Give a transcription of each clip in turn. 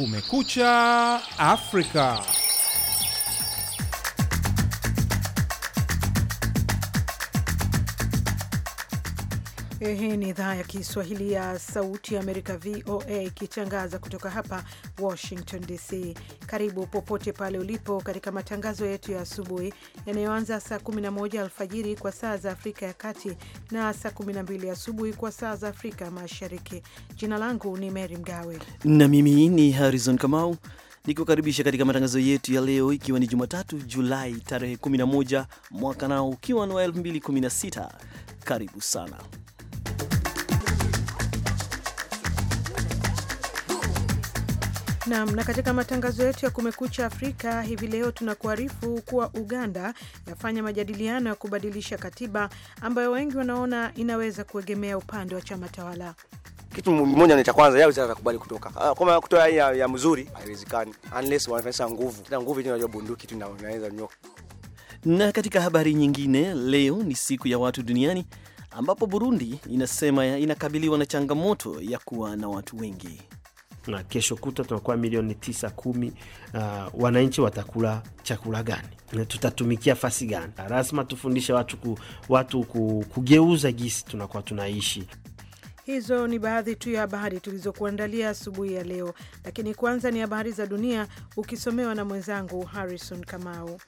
Kumekucha Afrika. Hii ni idhaa ya Kiswahili ya Sauti ya Amerika, VOA, ikitangaza kutoka hapa Washington DC. Karibu popote pale ulipo katika matangazo yetu ya asubuhi yanayoanza saa 11 alfajiri kwa saa za Afrika ya Kati na saa 12 asubuhi kwa saa za Afrika Mashariki. Jina langu ni Mary Mgawe na mimi ni Harrison Kamau nikukaribisha katika matangazo yetu ya leo, ikiwa ni Jumatatu Julai tarehe 11 mwaka nao ukiwa ni wa 2016. Karibu sana Nam. Na katika matangazo yetu ya Kumekucha Afrika hivi leo tunakuarifu kuwa Uganda yafanya majadiliano ya kubadilisha katiba ambayo wengi wanaona inaweza kuegemea upande wa chama tawala. Kitu mmoja ni cha kwanza, yao wizara kubali kutoka ah, kama kutoa ya, ya mzuri haiwezekani, unless wanafanya nguvu na nguvu inajua bunduki tu inaweza nyoka. Na katika habari nyingine, leo ni siku ya watu duniani ambapo Burundi inasema inakabiliwa na changamoto ya kuwa na watu wengi na kesho kuta tunakuwa milioni tisa kumi. Uh, wananchi watakula chakula gani? Tutatumikia fasi gani? Lazima tufundishe watu, ku, watu ku, kugeuza gisi tunakuwa tunaishi. Hizo ni baadhi tu ya habari tulizokuandalia asubuhi ya leo, lakini kwanza ni habari za dunia ukisomewa na mwenzangu Harrison Kamau.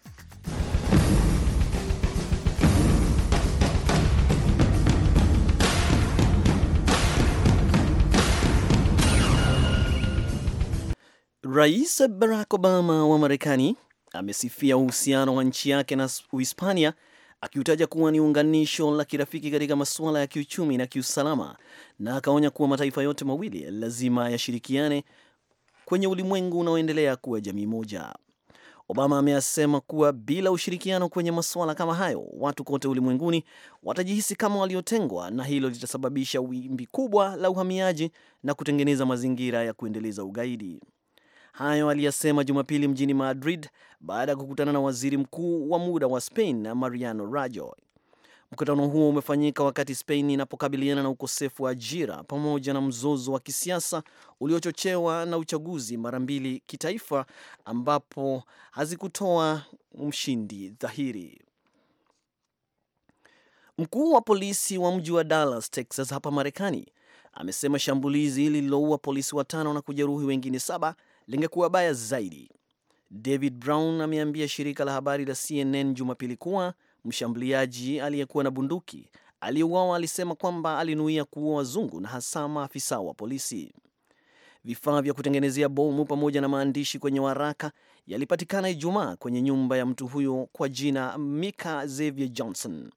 Rais Barack Obama wa Marekani amesifia uhusiano wa nchi yake na Uhispania akiutaja kuwa ni unganisho la kirafiki katika masuala ya kiuchumi na kiusalama, na akaonya kuwa mataifa yote mawili lazima yashirikiane kwenye ulimwengu unaoendelea kuwa jamii moja. Obama ameasema kuwa bila ushirikiano kwenye masuala kama hayo, watu kote ulimwenguni watajihisi kama waliotengwa, na hilo litasababisha wimbi kubwa la uhamiaji na kutengeneza mazingira ya kuendeleza ugaidi. Hayo aliyasema Jumapili mjini Madrid baada ya kukutana na waziri mkuu wa muda wa Spain Mariano Rajoy. Mkutano huo umefanyika wakati Spain inapokabiliana na ukosefu wa ajira pamoja na mzozo wa kisiasa uliochochewa na uchaguzi mara mbili kitaifa ambapo hazikutoa mshindi dhahiri. Mkuu wa polisi wa mji wa Dallas, Texas hapa Marekani amesema shambulizi lililoua polisi watano na kujeruhi wengine saba lingekuwa baya zaidi. David Brown ameambia shirika la habari la CNN Jumapili kuwa mshambuliaji aliyekuwa na bunduki aliyeuawa alisema kwamba alinuia kuua wazungu na hasa maafisa wa polisi. Vifaa vya kutengenezea bomu pamoja na maandishi kwenye waraka yalipatikana Ijumaa kwenye nyumba ya mtu huyo kwa jina Mika Xavier Johnson.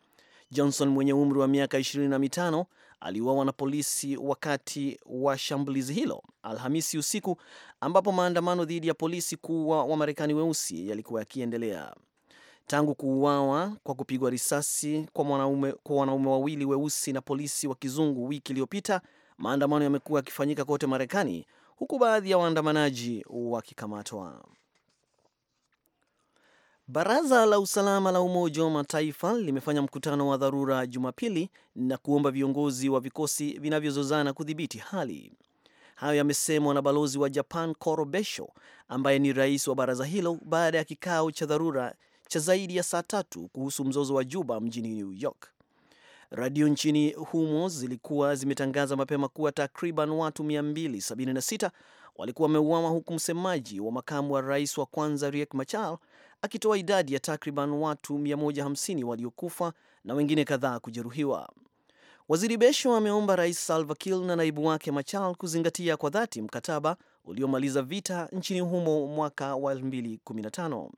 Johnson mwenye umri wa miaka 25 aliuawa na polisi wakati wa shambulizi hilo Alhamisi usiku, ambapo maandamano dhidi ya polisi kuwa wa marekani weusi yalikuwa yakiendelea. Tangu kuuawa kwa kupigwa risasi kwa wanaume kwa wanaume wawili weusi na polisi wa kizungu wiki iliyopita, maandamano yamekuwa yakifanyika kote Marekani, huku baadhi ya waandamanaji wakikamatwa. Baraza la usalama la Umoja wa Mataifa limefanya mkutano wa dharura Jumapili na kuomba viongozi wa vikosi vinavyozozana kudhibiti hali. Hayo yamesemwa na balozi wa Japan Koro Besho, ambaye ni rais wa baraza hilo baada ya kikao cha dharura cha zaidi ya saa tatu kuhusu mzozo wa Juba mjini New York. Radio nchini humo zilikuwa zimetangaza mapema kuwa takriban watu 276 walikuwa wameuawa huku msemaji wa makamu wa rais wa kwanza Riek Machar akitoa idadi ya takriban watu 150 waliokufa na wengine kadhaa kujeruhiwa. Waziri Besho ameomba Rais Salva Kiir na naibu wake Machal kuzingatia kwa dhati mkataba uliomaliza vita nchini humo mwaka wa 2015.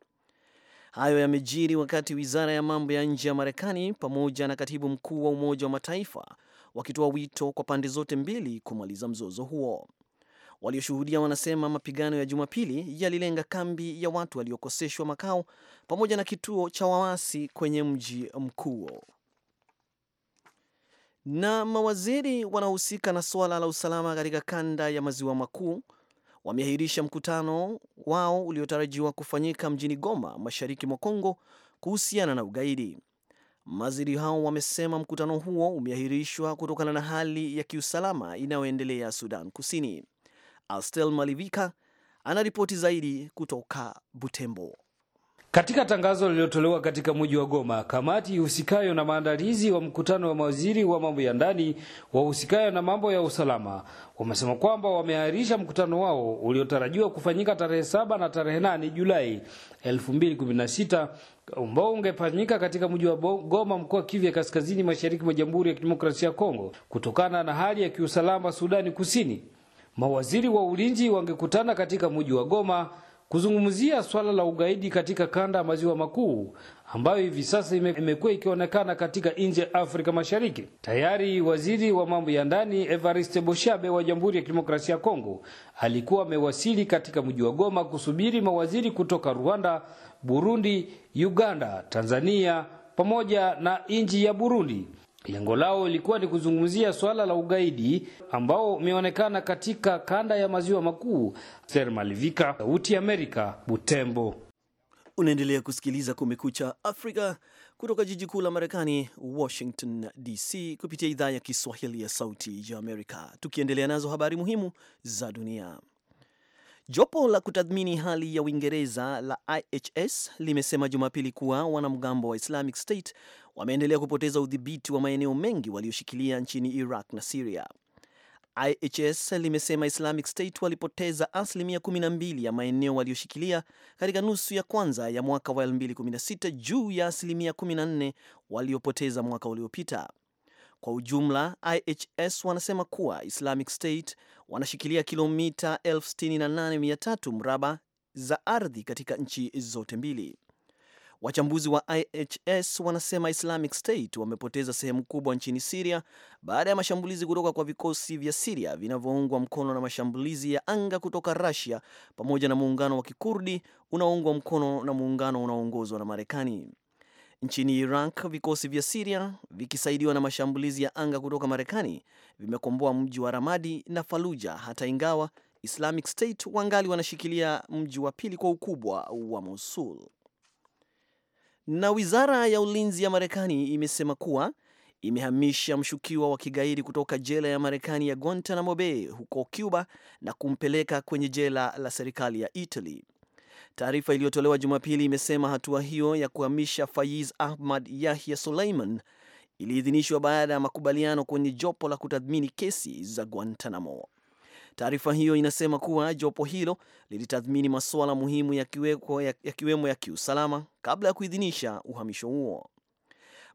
Hayo yamejiri wakati wizara ya mambo ya nje ya Marekani pamoja na katibu mkuu wa Umoja wa Mataifa wakitoa wito kwa pande zote mbili kumaliza mzozo huo. Walioshuhudia wanasema mapigano ya Jumapili yalilenga kambi ya watu waliokoseshwa makao pamoja na kituo cha waasi kwenye mji mkuu. Na mawaziri wanaohusika na suala la usalama katika kanda ya maziwa makuu wameahirisha mkutano wao uliotarajiwa kufanyika mjini Goma, mashariki mwa Kongo, kuhusiana na ugaidi. Mawaziri hao wamesema mkutano huo umeahirishwa kutokana na hali ya kiusalama inayoendelea Sudan Kusini. Astel Malivika anaripoti zaidi kutoka Butembo. Katika tangazo lililotolewa katika mji wa Goma, kamati ihusikayo na maandalizi wa mkutano wa mawaziri wa mambo ya ndani wahusikayo na mambo ya usalama wamesema kwamba wameahirisha mkutano wao uliotarajiwa kufanyika tarehe saba na tarehe nane Julai 2016 ambao ungefanyika katika mji wa Goma, mkoa Kivu ya kaskazini mashariki mwa Jamhuri ya Kidemokrasia ya Kongo, kutokana na hali ya kiusalama Sudani Kusini mawaziri wa ulinzi wangekutana katika mji wa Goma kuzungumzia swala la ugaidi katika kanda ya maziwa makuu ambayo hivi sasa imekuwa ikionekana katika nchi ya Afrika Mashariki. Tayari waziri wa mambo ya ndani Evariste Boshabe wa Jamhuri ya Kidemokrasia ya Kongo alikuwa amewasili katika mji wa Goma kusubiri mawaziri kutoka Rwanda, Burundi, Uganda, Tanzania pamoja na nchi ya Burundi Lengo lao ilikuwa ni kuzungumzia swala la ugaidi ambao umeonekana katika kanda ya maziwa makuu. Ser Malivika, Sauti ya Amerika, Butembo. Unaendelea kusikiliza Kumekucha Afrika kutoka jiji kuu la Marekani, Washington DC, kupitia idhaa ya Kiswahili ya Sauti ya Amerika. Tukiendelea nazo habari muhimu za dunia. Jopo la kutathmini hali ya Uingereza la IHS limesema Jumapili kuwa wanamgambo wa Islamic State wameendelea kupoteza udhibiti wa maeneo mengi walioshikilia nchini Iraq na Siria. IHS limesema Islamic State walipoteza asilimia 12 ya maeneo walioshikilia katika nusu ya kwanza ya mwaka wa 2016 juu ya asilimia 14 waliopoteza mwaka uliopita. Kwa ujumla, IHS wanasema kuwa Islamic State wanashikilia kilomita 68300 mraba za ardhi katika nchi zote mbili. Wachambuzi wa IHS wanasema Islamic State wamepoteza sehemu kubwa nchini Siria baada ya mashambulizi kutoka kwa vikosi vya Siria vinavyoungwa mkono na mashambulizi ya anga kutoka Russia pamoja na muungano wa Kikurdi unaoungwa mkono na muungano unaoongozwa na Marekani. Nchini Iraq, vikosi vya Siria vikisaidiwa na mashambulizi ya anga kutoka Marekani vimekomboa mji wa Ramadi na Faluja, hata ingawa Islamic State wangali wanashikilia mji wa pili kwa ukubwa wa Mosul. Na wizara ya ulinzi ya Marekani imesema kuwa imehamisha mshukiwa wa kigaidi kutoka jela ya Marekani ya Guantanamo Bay huko Cuba na kumpeleka kwenye jela la serikali ya Italy. Taarifa iliyotolewa Jumapili imesema hatua hiyo ya kuhamisha Faiz Ahmad Yahya Suleiman iliidhinishwa baada ya makubaliano kwenye jopo la kutathmini kesi za Guantanamo. Taarifa hiyo inasema kuwa jopo hilo lilitathmini masuala muhimu yakiwemo ya, ya, ya kiusalama kabla ya kuidhinisha uhamisho huo.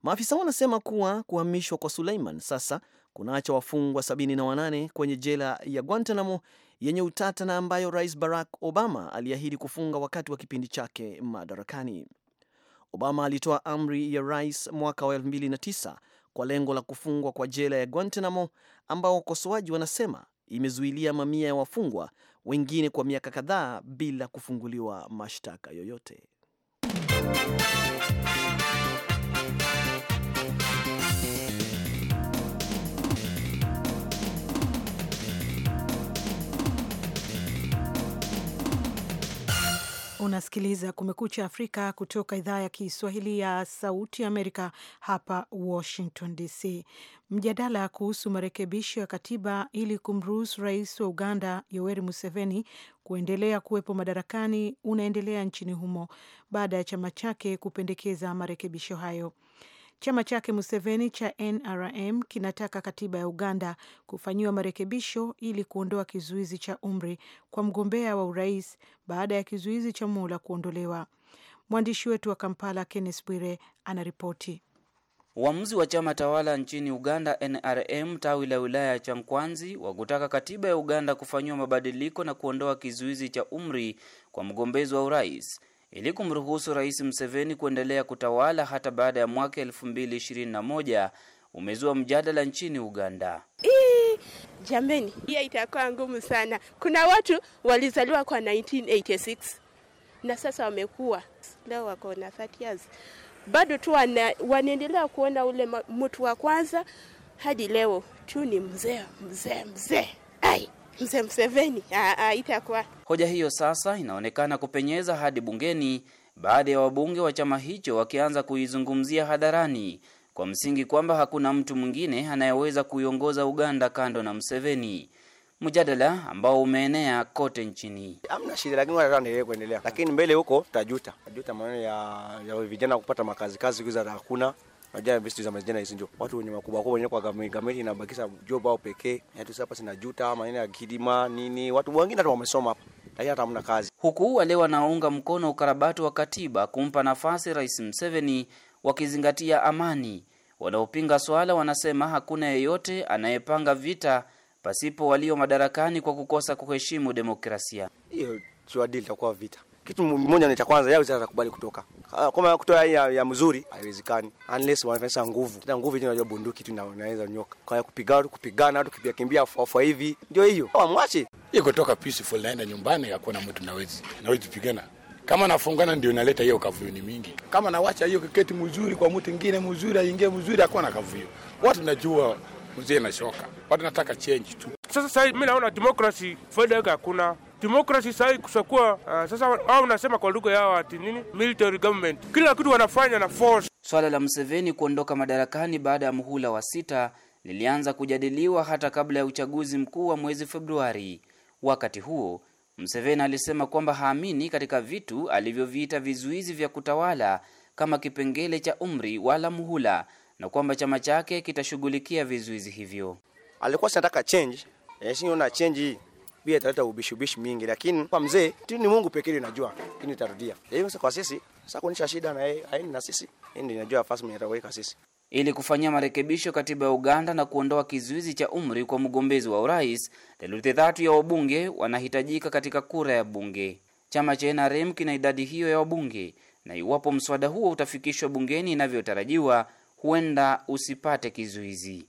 Maafisa wanasema kuwa kuhamishwa kwa Suleiman sasa kunaacha wafungwa 78 kwenye jela ya Guantanamo yenye utata na ambayo Rais Barack Obama aliahidi kufunga wakati wa kipindi chake madarakani. Obama alitoa amri ya rais mwaka wa 2009 kwa lengo la kufungwa kwa jela ya Guantanamo, ambao wakosoaji wanasema imezuilia mamia ya wafungwa wengine kwa miaka kadhaa bila kufunguliwa mashtaka yoyote. Unasikiliza Kumekucha Afrika kutoka idhaa ya Kiswahili ya Sauti Amerika, hapa Washington DC. Mjadala kuhusu marekebisho ya katiba ili kumruhusu rais wa Uganda Yoweri Museveni kuendelea kuwepo madarakani unaendelea nchini humo baada ya chama chake kupendekeza marekebisho hayo. Chama chake Museveni cha NRM kinataka katiba ya Uganda kufanyiwa marekebisho ili kuondoa kizuizi cha umri kwa mgombea wa urais baada ya kizuizi cha muhula kuondolewa. Mwandishi wetu wa Kampala, Kenneth Bwire, anaripoti. Uamuzi wa chama tawala nchini Uganda NRM tawi la wilaya ya Chankwanzi wa kutaka katiba ya Uganda kufanyiwa mabadiliko na kuondoa kizuizi cha umri kwa mgombezi wa urais ili kumruhusu Rais Museveni kuendelea kutawala hata baada ya mwaka 2021 umezua mjadala nchini Uganda. Ii, jameni, hiyo itakuwa ngumu sana. Kuna watu walizaliwa kwa 1986 na sasa wamekuwa leo wako na 30 years bado tu wanaendelea kuona ule mtu wa kwanza hadi leo tu ni mzee mzee mzee ai mzee Mseveni itakuwa. Hoja hiyo sasa inaonekana kupenyeza hadi bungeni, baadhi ya wabunge wa chama hicho wakianza kuizungumzia hadharani kwa msingi kwamba hakuna mtu mwingine anayeweza kuiongoza Uganda kando na Mseveni, mjadala ambao umeenea kote nchini. Hamna shida, lakini wanataka niendelee kuendelea, lakini mbele huko tutajuta, tajuta maneno ya, ya vijana kupata makazi kazi, hakuna Unajua investi za mazijana hizi ndio watu wenye makubwa kubwa wenye kwa government inabakisha job au pekee. Yaani hata sasa sina juta ama nini akidima nini. Watu wengine hata wamesoma hapa. Lakini hata hamna kazi. Huku wale wanaunga mkono ukarabati wa katiba kumpa nafasi Rais Museveni wakizingatia amani. Wanaopinga swala wanasema hakuna yeyote anayepanga vita pasipo walio madarakani kwa kukosa kuheshimu demokrasia. Hiyo tuadili takuwa vita kitu mmoja ni cha kwanza, yao zitaweza kubali kutoka ah, kama kutoa ya, ya mzuri haiwezekani, unless wanafanya nguvu. Tena nguvu hiyo unajua bunduki tu inaweza nyoka kwa ya kupiga watu, kupigana watu, kimbia kimbia, afa hivi, ndio hiyo. mwache yeye kutoka peaceful, naenda nyumbani, hakuna mtu nawezi nawezi pigana kama nafungana ndio inaleta hiyo kavuyo ni mingi. Kama nawacha hiyo kiketi mzuri kwa mtu mwingine mzuri aingie mzuri, hakuna kavuyo. Watu najua mzee nashoka, watu nataka change tu. Sasa sasa mimi naona democracy faida yake hakuna demokrasi sahi kusakuwa. Uh, sasa wao wanasema kwa lugha yao ati nini, military government, kila kitu wanafanya na force. Swala la Museveni kuondoka madarakani baada ya muhula wa sita lilianza kujadiliwa hata kabla ya uchaguzi mkuu wa mwezi Februari. Wakati huo Museveni alisema kwamba haamini katika vitu alivyoviita vizuizi vya kutawala kama kipengele cha umri wala muhula, na kwamba chama chake kitashughulikia vizuizi hivyo. Alikuwa change, eh, change bila italeta ubishubishi mingi, lakini kwa mzee ni Mungu pekee anajua, lakini itarudia hiyo. Sasa kwa sisi sasa kuonyesha shida na yeye haini na sisi yeye ndiye anajua nafasi mwenye sisi ili kufanyia marekebisho katiba ya Uganda na kuondoa kizuizi cha umri kwa mgombezi wa urais, theluthi tatu ya wabunge wanahitajika katika kura ya bunge. Chama cha NRM kina idadi hiyo ya wabunge, na iwapo mswada huo utafikishwa bungeni inavyotarajiwa, huenda usipate kizuizi.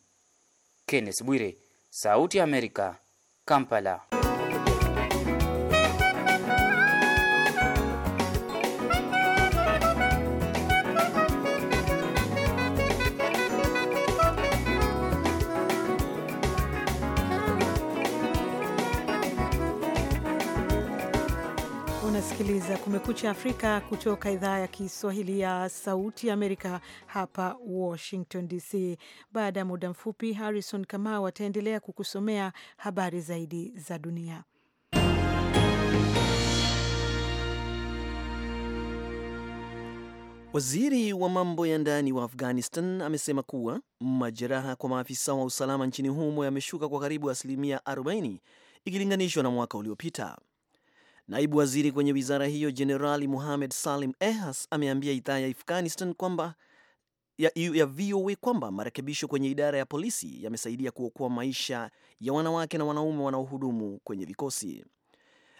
Kenneth Bwire, Sauti ya Amerika, Kampala. za Kumekucha Afrika kutoka idhaa ya Kiswahili ya Sauti Amerika hapa Washington DC. Baada ya muda mfupi, Harrison Kamau ataendelea kukusomea habari zaidi za dunia. Waziri wa mambo ya ndani wa Afghanistan amesema kuwa majeraha kwa maafisa wa usalama nchini humo yameshuka kwa karibu asilimia 40 ikilinganishwa na mwaka uliopita. Naibu waziri kwenye wizara hiyo Jenerali Mohamed Salim Ehas ameambia idhaa ya Afghanistan kwamba ya, ya VOA kwamba marekebisho kwenye idara ya polisi yamesaidia kuokoa maisha ya wanawake na wanaume wanaohudumu kwenye vikosi.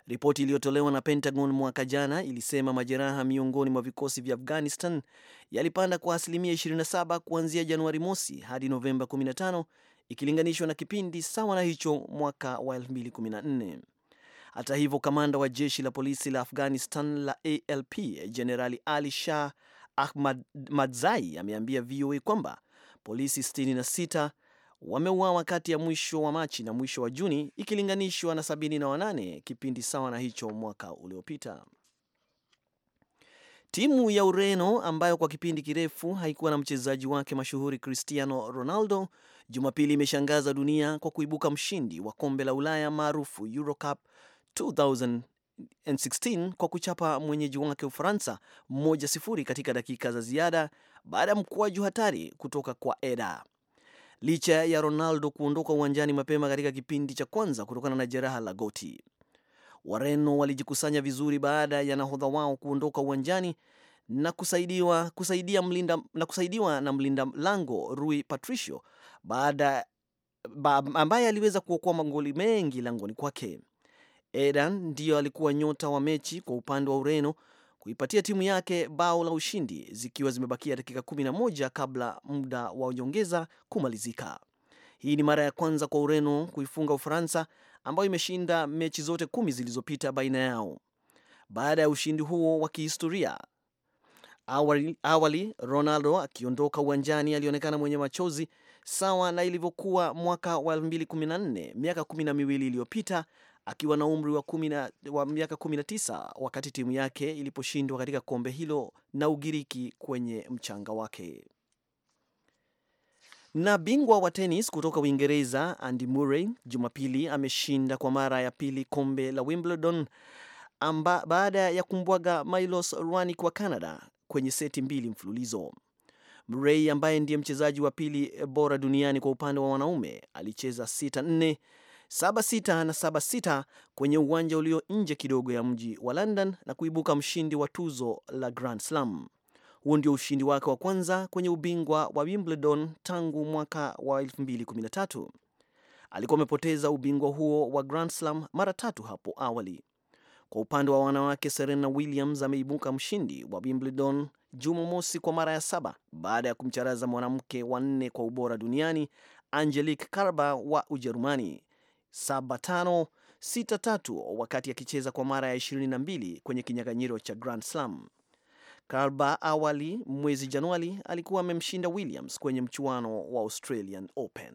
Ripoti iliyotolewa na Pentagon mwaka jana ilisema majeraha miongoni mwa vikosi vya Afghanistan yalipanda kwa asilimia 27 kuanzia Januari mosi hadi Novemba 15 ikilinganishwa na kipindi sawa na hicho mwaka wa 2014. Hata hivyo, kamanda wa jeshi la polisi la Afghanistan la ALP Jenerali Ali Shah Ahmadzai ameambia VOA kwamba polisi 66 wameuawa kati ya mwisho wa Machi na mwisho wa Juni ikilinganishwa na 78 kipindi sawa na hicho mwaka uliopita. Timu ya Ureno ambayo kwa kipindi kirefu haikuwa na mchezaji wake mashuhuri Cristiano Ronaldo Jumapili imeshangaza dunia kwa kuibuka mshindi wa kombe la Ulaya maarufu Eurocup 2016 kwa kuchapa mwenyeji wake Ufaransa moja sifuri katika dakika za ziada baada ya mkwaju hatari kutoka kwa Eda. Licha ya Ronaldo kuondoka uwanjani mapema katika kipindi cha kwanza kutokana na jeraha la goti, Wareno walijikusanya vizuri baada ya nahodha wao kuondoka uwanjani na kusaidiwa, kusaidia mlinda, na kusaidiwa na mlinda lango Rui Patricio baada ambaye aliweza kuokoa magoli mengi langoni kwake. Eden ndiyo alikuwa nyota wa mechi kwa upande wa Ureno kuipatia timu yake bao la ushindi zikiwa zimebakia dakika 11 kabla muda wa nyongeza kumalizika. Hii ni mara ya kwanza kwa Ureno kuifunga Ufaransa ambayo imeshinda mechi zote kumi zilizopita baina yao. Baada ya ushindi huo wa kihistoria, awali, awali Ronaldo akiondoka uwanjani alionekana mwenye machozi sawa na ilivyokuwa mwaka wa 2014 miaka kumi na miwili iliyopita akiwa na umri wa, kumina, wa miaka 19 wakati timu yake iliposhindwa katika kombe hilo na Ugiriki kwenye mchanga wake. Na bingwa wa tenis kutoka Uingereza Andy Murray Jumapili ameshinda kwa mara ya pili kombe la Wimbledon amba, baada ya kumbwaga Milos Raonic wa Canada kwenye seti mbili mfululizo. Murray ambaye ndiye mchezaji wa pili bora duniani kwa upande wa wanaume alicheza 6-4 76 na 76 kwenye uwanja ulio nje kidogo ya mji wa London na kuibuka mshindi wa tuzo la Grand Slam. Huo ndio ushindi wake wa kwanza kwenye ubingwa wa Wimbledon tangu mwaka wa 2013. Alikuwa amepoteza ubingwa huo wa Grand Slam mara tatu hapo awali. Kwa upande wa wanawake, Serena Williams ameibuka mshindi wa Wimbledon Jumamosi kwa mara ya saba baada ya kumcharaza mwanamke wa nne kwa ubora duniani Angelique Kerber wa Ujerumani 7563 wakati akicheza kwa mara ya 22 kwenye kinyang'anyiro cha Grand Slam. Karba awali mwezi Januari alikuwa amemshinda Williams kwenye mchuano wa Australian Open.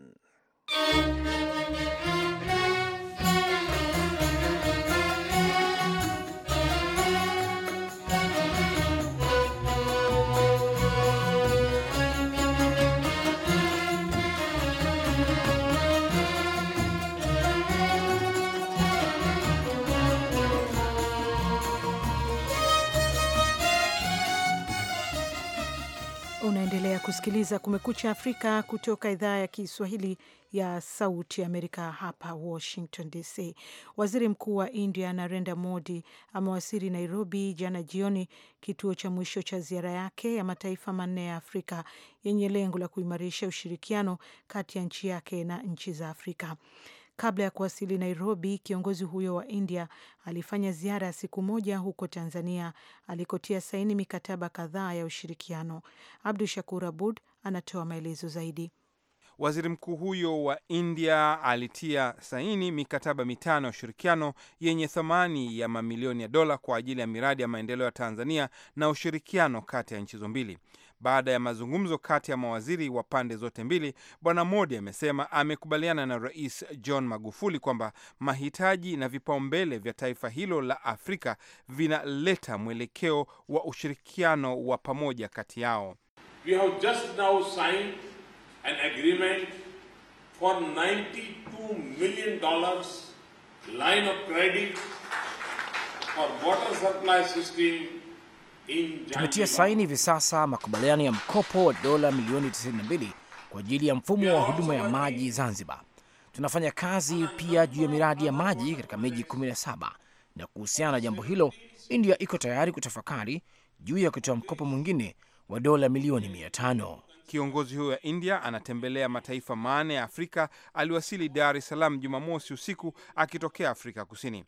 Unaendelea kusikiliza Kumekucha Afrika kutoka idhaa ya Kiswahili ya Sauti Amerika, hapa Washington DC. Waziri Mkuu wa India Narendra Modi amewasili Nairobi jana jioni, kituo cha mwisho cha ziara yake ya mataifa manne ya Afrika yenye lengo la kuimarisha ushirikiano kati ya nchi yake na nchi za Afrika. Kabla ya kuwasili Nairobi, kiongozi huyo wa India alifanya ziara ya siku moja huko Tanzania alikotia saini mikataba kadhaa ya ushirikiano. Abdu Shakur Abud anatoa maelezo zaidi. Waziri mkuu huyo wa India alitia saini mikataba mitano ya ushirikiano yenye thamani ya mamilioni ya dola kwa ajili ya miradi ya maendeleo ya Tanzania na ushirikiano kati ya nchi hizo mbili. Baada ya mazungumzo kati ya mawaziri wa pande zote mbili, Bwana Modi amesema amekubaliana na Rais John Magufuli kwamba mahitaji na vipaumbele vya taifa hilo la Afrika vinaleta mwelekeo wa ushirikiano wa pamoja kati yao. We have just now signed an agreement for $92 million line of credit for water supply system tumetia saini hivi sasa makubaliano ya mkopo wa dola milioni 92 kwa ajili ya mfumo wa huduma ya maji Zanzibar. Tunafanya kazi pia juu ya miradi ya maji katika miji 17 na kuhusiana na jambo hilo, India iko tayari kutafakari juu ya kutoa mkopo mwingine wa dola milioni 500. Kiongozi huyo wa India anatembelea mataifa manne ya Afrika. Aliwasili Dar es Salaam Jumamosi usiku akitokea Afrika Kusini.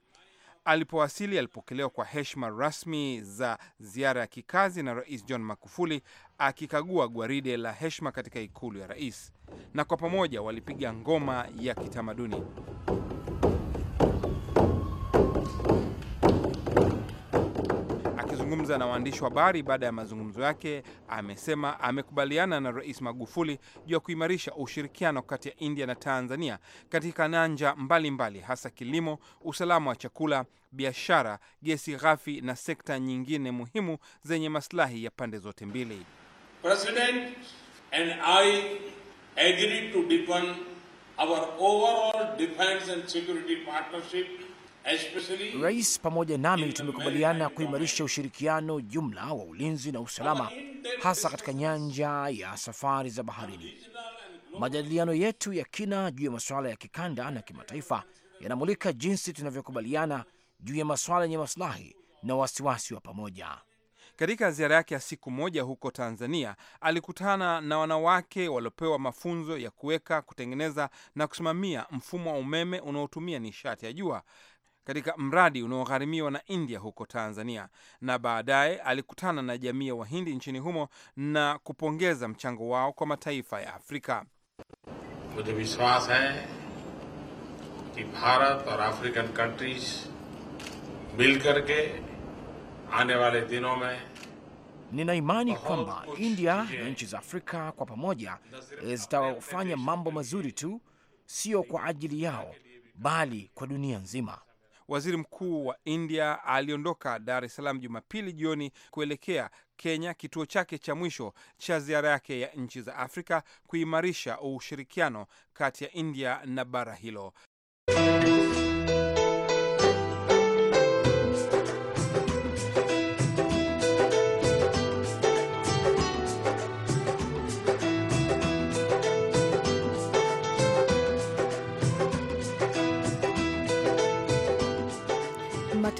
Alipowasili alipokelewa kwa heshima rasmi za ziara ya kikazi na Rais John Magufuli akikagua gwaride la heshima katika ikulu ya rais, na kwa pamoja walipiga ngoma ya kitamaduni. Akizungumza na waandishi wa habari baada ya mazungumzo yake, amesema amekubaliana na Rais Magufuli juu ya kuimarisha ushirikiano kati ya India na Tanzania katika nyanja mbalimbali, hasa kilimo, usalama wa chakula, biashara, gesi ghafi na sekta nyingine muhimu zenye maslahi ya pande zote mbili. President and I agreed to deepen our overall defense and security partnership Rais pamoja nami tumekubaliana kuimarisha ushirikiano jumla wa ulinzi na usalama, hasa katika nyanja ya safari za baharini. Majadiliano yetu ya kina juu ya masuala ya kikanda na kimataifa yanamulika jinsi tunavyokubaliana juu ya masuala yenye masilahi na wasiwasi wa pamoja. Katika ziara yake ya siku moja huko Tanzania, alikutana na wanawake waliopewa mafunzo ya kuweka, kutengeneza na kusimamia mfumo wa umeme unaotumia nishati ya jua katika mradi unaogharimiwa na India huko Tanzania, na baadaye alikutana na jamii ya Wahindi nchini humo na kupongeza mchango wao kwa mataifa ya Afrika. mujhe vishwas hai ki bharat aur african countries aane wale dino mein Nina imani kwamba India na nchi za Afrika kwa pamoja eh, zitafanya mambo mazuri tu, sio kwa ajili yao, bali kwa dunia nzima. Waziri mkuu wa India aliondoka Dar es Salaam Jumapili jioni kuelekea Kenya, kituo chake cha mwisho cha ziara yake ya nchi za Afrika, kuimarisha ushirikiano kati ya India na bara hilo.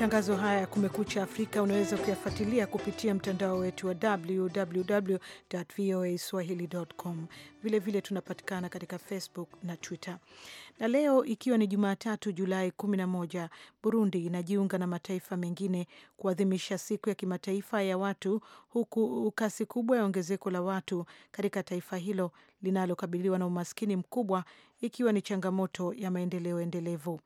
Matangazo haya ya Kumekucha Afrika unaweza kuyafuatilia kupitia mtandao wetu wa www voa swahili.com. Vilevile tunapatikana katika Facebook na Twitter. Na leo ikiwa ni Jumatatu, Julai 11, Burundi inajiunga na mataifa mengine kuadhimisha siku ya kimataifa ya watu, huku kasi kubwa ya ongezeko la watu katika taifa hilo linalokabiliwa na umaskini mkubwa ikiwa ni changamoto ya maendeleo endelevu.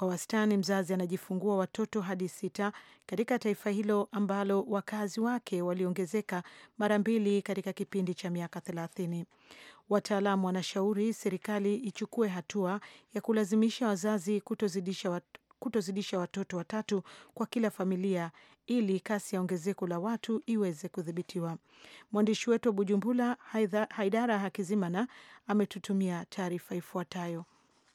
Kwa wastani mzazi anajifungua watoto hadi sita katika taifa hilo ambalo wakazi wake waliongezeka mara mbili katika kipindi cha miaka thelathini. Wataalamu wanashauri serikali ichukue hatua ya kulazimisha wazazi kutozidisha wat kutozidisha watoto watatu kwa kila familia ili kasi ya ongezeko la watu iweze kudhibitiwa. Mwandishi wetu wa bujumbula Haidara Hakizimana, ametutumia taarifa ifuatayo.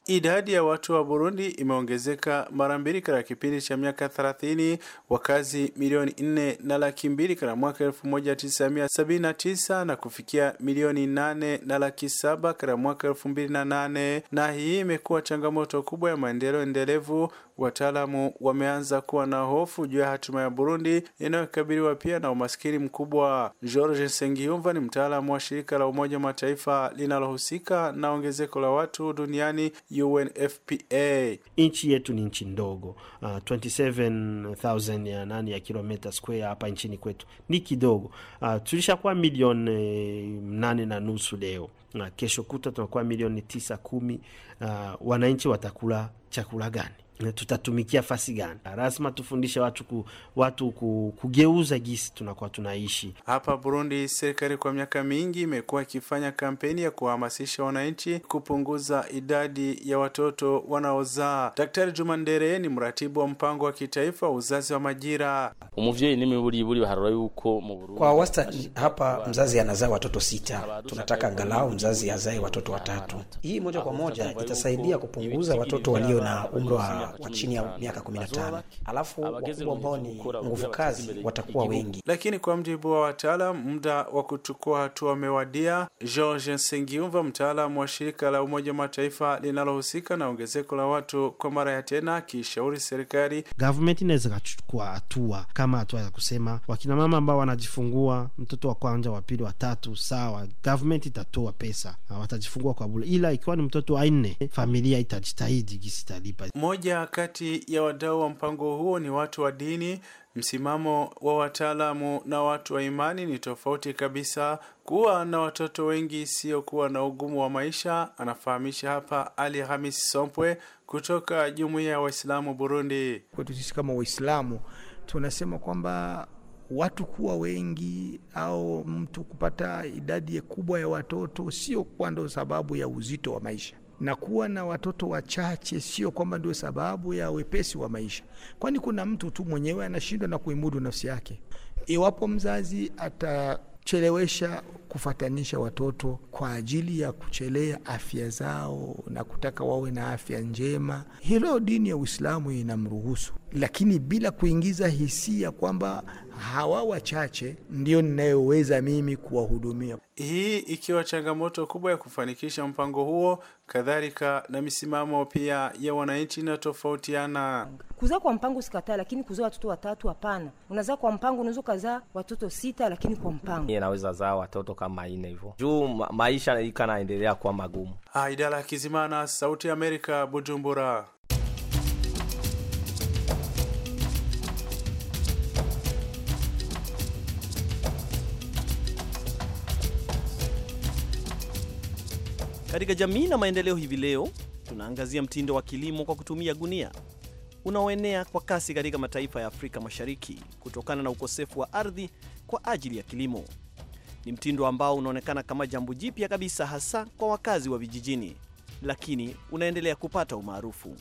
Idadi ya watu wa Burundi imeongezeka mara mbili katika kipindi cha miaka 30, wakazi milioni 4 na laki mbili katika mwaka 1979 na kufikia milioni 8 na laki saba katika mwaka 2008, na hii imekuwa changamoto kubwa ya maendeleo endelevu Wataalamu wameanza kuwa na hofu juu ya hatima ya Burundi inayokabiliwa pia na umaskini mkubwa. George Sengiyumva ni mtaalamu wa shirika la Umoja Mataifa linalohusika na ongezeko la watu duniani UNFPA. Nchi yetu ni nchi ndogo, uh, ah, 27000 ya nani ya kilomita square hapa nchini kwetu ni kidogo. Uh, tulishakuwa milioni eh, nane na nusu leo na ah, kesho kuta tunakuwa milioni tisa kumi. Uh, wananchi watakula chakula gani? tutatumikia fasi gani? Lazima tufundishe watu, ku, watu ku, kugeuza gisi tunakuwa tunaishi hapa Burundi. Serikali kwa miaka mingi imekuwa ikifanya kampeni ya kuhamasisha wananchi kupunguza idadi ya watoto wanaozaa. Daktari Juma Ndere ni mratibu wa mpango wa kitaifa uzazi wa majira. Kwa wastani hapa mzazi anazaa watoto sita, tunataka angalau mzazi azae watoto watatu. Hii moja kwa moja itasaidia kupunguza watoto walio na umri wa vijana wa chini ya miaka 15, alafu wakubwa ambao ni nguvu kazi watakuwa wengi. Lakini kwa mjibu wa wataalam, muda wa kuchukua hatua umewadia. George Nsengiumva, mtaalamu wa shirika la Umoja wa Mataifa linalohusika na ongezeko la watu, kwa mara ya tena akishauri serikali, government inaweza kuchukua hatua kama hatua ya kusema wakina mama ambao wanajifungua mtoto wa kwanza, wa pili, wa tatu, sawa, government itatoa pesa watajifungua kwa bure, ila ikiwa ni mtoto wa nne, familia itajitahidi gisitalipa moja pia kati ya wadau wa mpango huo ni watu wa dini. Msimamo wa wataalamu na watu wa imani ni tofauti kabisa. Kuwa na watoto wengi sio kuwa na ugumu wa maisha, anafahamisha hapa Ali Hamis Sompwe kutoka Jumuiya ya Waislamu Burundi. Kwetu sisi kama Waislamu tunasema kwamba watu kuwa wengi au mtu kupata idadi kubwa ya watoto sio kwa ndo sababu ya uzito wa maisha na kuwa na watoto wachache sio kwamba ndio sababu ya wepesi wa maisha, kwani kuna mtu tu mwenyewe anashindwa na kuimudu nafsi yake. Iwapo mzazi atachelewesha kufatanisha watoto kwa ajili ya kuchelea afya zao na kutaka wawe na afya njema, hilo dini ya Uislamu inamruhusu lakini bila kuingiza hisia kwamba hawa wachache ndio ninayoweza mimi kuwahudumia. Hii ikiwa changamoto kubwa ya kufanikisha mpango huo, kadhalika na misimamo pia ya wananchi inatofautiana. Kuzaa kwa mpango sikataa, lakini kuzaa watoto watatu hapana. Unazaa kwa mpango, unaweza ukazaa watoto sita, lakini kwa mpango inaweza zaa watoto kama ine hivyo juu ma maisha ikanaendelea kuwa magumu. Ah, ya Kizimana, Sauti ya Amerika, Bujumbura. Katika jamii na maendeleo hivi leo tunaangazia mtindo wa kilimo kwa kutumia gunia unaoenea kwa kasi katika mataifa ya Afrika Mashariki kutokana na ukosefu wa ardhi kwa ajili ya kilimo. Ni mtindo ambao unaonekana kama jambo jipya kabisa, hasa kwa wakazi wa vijijini, lakini unaendelea kupata umaarufu.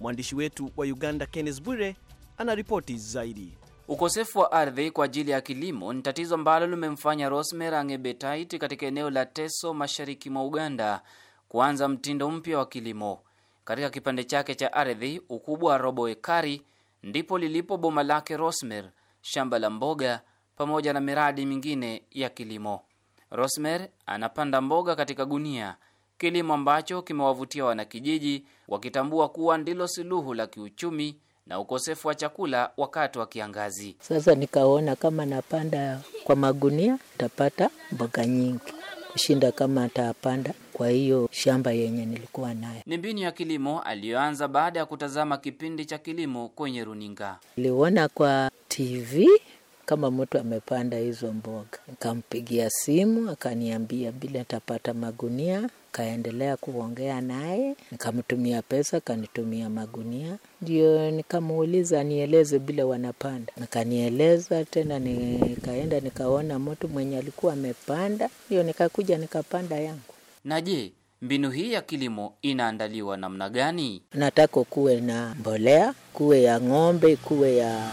Mwandishi wetu wa Uganda Kenneth Bwire ana ripoti zaidi. Ukosefu wa ardhi kwa ajili ya kilimo ni tatizo ambalo limemfanya rosmer Angebetait katika eneo la Teso mashariki mwa Uganda kuanza mtindo mpya wa kilimo. Katika kipande chake cha ardhi ukubwa wa robo ekari ndipo lilipo boma lake rosmer shamba la mboga pamoja na miradi mingine ya kilimo. rosmer anapanda mboga katika gunia, kilimo ambacho kimewavutia wanakijiji wakitambua kuwa ndilo suluhu la kiuchumi na ukosefu wa chakula wakati wa kiangazi. Sasa nikaona kama napanda kwa magunia tapata mboga nyingi kushinda kama atapanda kwa hiyo shamba yenye nilikuwa nayo. Ni mbinu ya kilimo aliyoanza baada ya kutazama kipindi cha kilimo kwenye runinga. Niliona kwa TV kama mtu amepanda hizo mboga, nikampigia simu akaniambia bila tapata magunia Kaendelea kuongea naye, nikamtumia pesa, kanitumia magunia, ndio nikamuuliza nieleze bila wanapanda, nikanieleza tena. Nikaenda nikaona mtu mwenye alikuwa amepanda, ndio nikakuja nikapanda yangu. Na je, mbinu hii ya kilimo inaandaliwa namna gani? Nataka kuwe na mbolea, kuwe ya ng'ombe, kuwe ya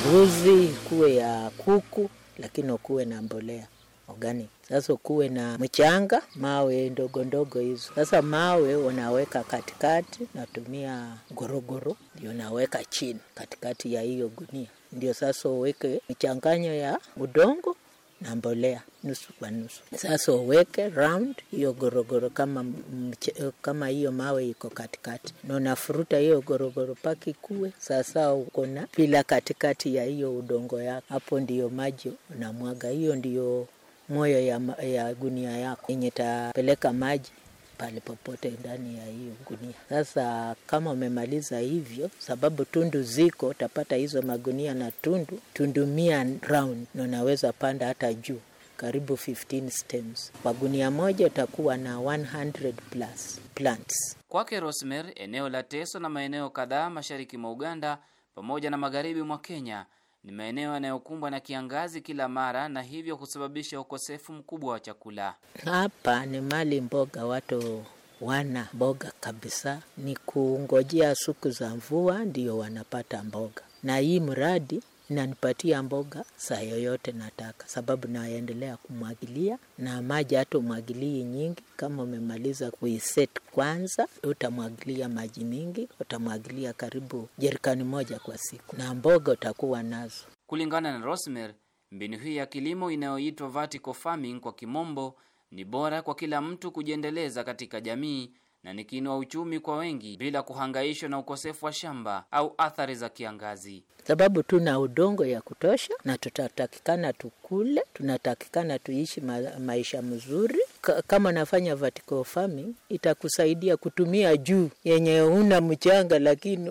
mbuzi, kuwe ya kuku, lakini kuwe na mbolea organic. Sasa kuwe na mchanga, mawe ndogo ndogo hizo. Sasa mawe unaweka katikati, natumia gorogoro ndio naweka chini katikati ya hiyo gunia, ndio sasa uweke michanganyo ya udongo na mbolea nusu kwa nusu. Sasa uweke round hiyo gorogoro kama mche, kama hiyo mawe iko katikati, na unafuruta hiyo gorogoro paki kuwe sasa uko na pila katikati ya hiyo udongo yako, hapo ndiyo maji unamwaga. Hiyo ndiyo moyo ya, ya gunia yako yenye tapeleka maji pale popote ndani ya hiyo gunia. Sasa kama umemaliza hivyo, sababu tundu ziko, utapata hizo magunia na tundu tundu mia round, na unaweza panda hata juu karibu 15 stems. Magunia moja utakuwa na 100 plus plants. Kwake Rosemary, eneo la Teso na maeneo kadhaa mashariki mwa Uganda pamoja na magharibi mwa Kenya ni maeneo yanayokumbwa na kiangazi kila mara na hivyo kusababisha ukosefu mkubwa wa chakula. Hapa ni mali mboga, watu wana mboga kabisa, ni kungojea siku za mvua ndiyo wanapata mboga, na hii mradi inanipatia mboga saa yoyote nataka, sababu naendelea kumwagilia na maji. Hata umwagilii nyingi, kama umemaliza kuiset kwanza, utamwagilia maji mingi, utamwagilia karibu jerikani moja kwa siku, na mboga utakuwa nazo. Kulingana na Rosemary, mbinu hii ya kilimo inayoitwa vertical farming kwa kimombo ni bora kwa kila mtu kujiendeleza katika jamii na ni kiinua uchumi kwa wengi bila kuhangaishwa na ukosefu wa shamba au athari za kiangazi, sababu tuna udongo ya kutosha na tutatakikana tukule, tunatakikana tuishi ma maisha mzuri. K kama nafanya vertical farming itakusaidia kutumia juu yenye una mchanga, lakini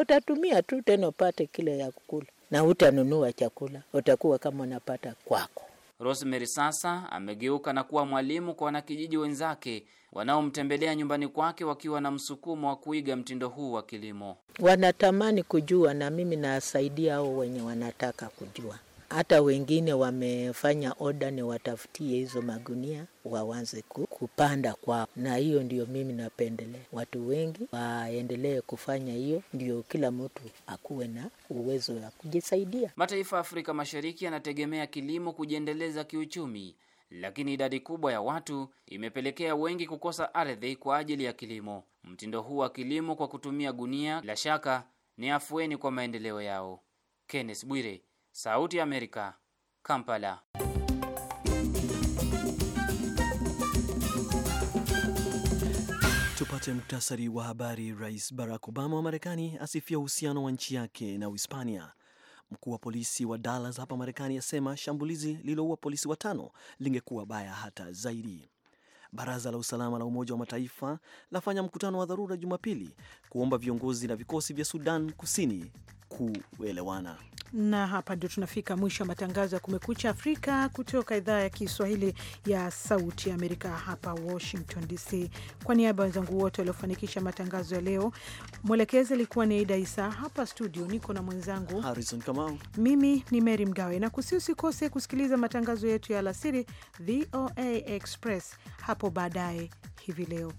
utatumia uta tu tena upate kile ya kukula na utanunua chakula, utakuwa kama unapata kwako. Rosemary sasa amegeuka na kuwa mwalimu kwa wanakijiji wenzake wanaomtembelea nyumbani kwake wakiwa na msukumo wa kuiga mtindo huu wa kilimo. Wanatamani kujua na mimi nawasaidia hao wenye wanataka kujua hata wengine wamefanya oda ni watafutie hizo magunia wawanze kupanda kwao, na hiyo ndio mimi napendelea watu wengi waendelee kufanya hiyo, ndio kila mtu akuwe na uwezo wa kujisaidia. Mataifa ya Afrika Mashariki yanategemea kilimo kujiendeleza kiuchumi, lakini idadi kubwa ya watu imepelekea wengi kukosa ardhi kwa ajili ya kilimo. Mtindo huu wa kilimo kwa kutumia gunia, bila shaka ni afueni kwa maendeleo yao. Kenneth Bwire, Sauti ya Amerika, Kampala. Tupate muktasari wa habari. Rais Barack Obama wa Marekani asifia uhusiano wa nchi yake na Uhispania. Mkuu wa polisi wa Dallas hapa Marekani asema shambulizi lililoua polisi watano lingekuwa baya hata zaidi. Baraza la usalama la Umoja wa Mataifa lafanya mkutano wa dharura Jumapili kuomba viongozi na vikosi vya Sudan Kusini kuelewana na hapa ndio tunafika mwisho wa matangazo ya Kumekucha Afrika kutoka idhaa ya Kiswahili ya Sauti ya Amerika, hapa Washington DC. Kwa niaba ya wenzangu wote waliofanikisha matangazo ya leo, mwelekezi alikuwa ni Aida Isa. Hapa studio niko na mwenzangu Harrison Kamau, mimi ni Mary Mgawe na kusi, usikose kusikiliza matangazo yetu ya alasiri VOA Express hapo baadaye hivi leo.